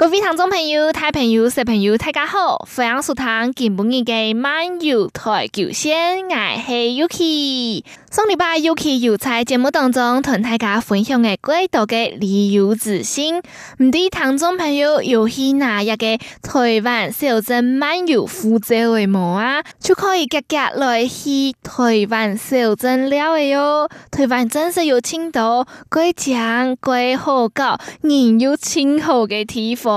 各位聽眾朋友，大朋友小朋友，大家好，歡迎收聽今半日嘅《漫遊台九線》，我係 Yuki，上禮拜 Yuki 有在節目當中同大家分享嘅幾多個旅遊資訊。唔知聽眾朋友有去哪一間台灣小鎮漫遊負責為冇啊？就可以直接來去台灣小鎮了喲！台灣真是有青島、貴江、貴好高、人妖稱號嘅地方。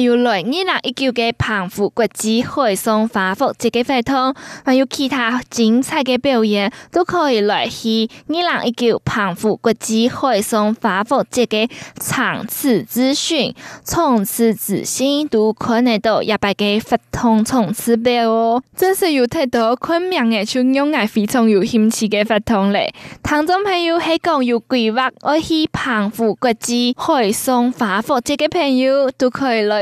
要來二零一九嘅澎湖國際海上花火節嘅花燈還有其他精彩嘅表演，都可以來去二零一九澎湖國際海上花火節嘅場次資訊。從此之身都可到一百嘅花燈，從此表哦。真是有太多昆明嘅群眾係非常有興趣嘅花燈咧。聽眾朋友係講要規劃去澎湖國際海上花火節嘅朋友，都可以來。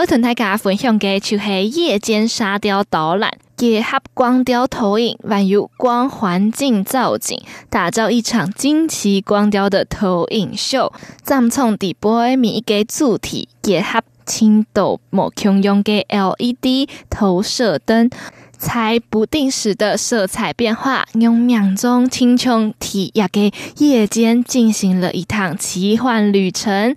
我同大家分享嘅就係夜間沙雕導覽，結合光雕投影，宛如光環境造景，打造一場驚奇光雕的投影秀。咱從底波嘅一個主體，結合青度某用用嘅 LED 投射燈，才不定時的色彩變化，用秒鐘輕鬆體驗嘅夜間進行了一趟奇幻旅程。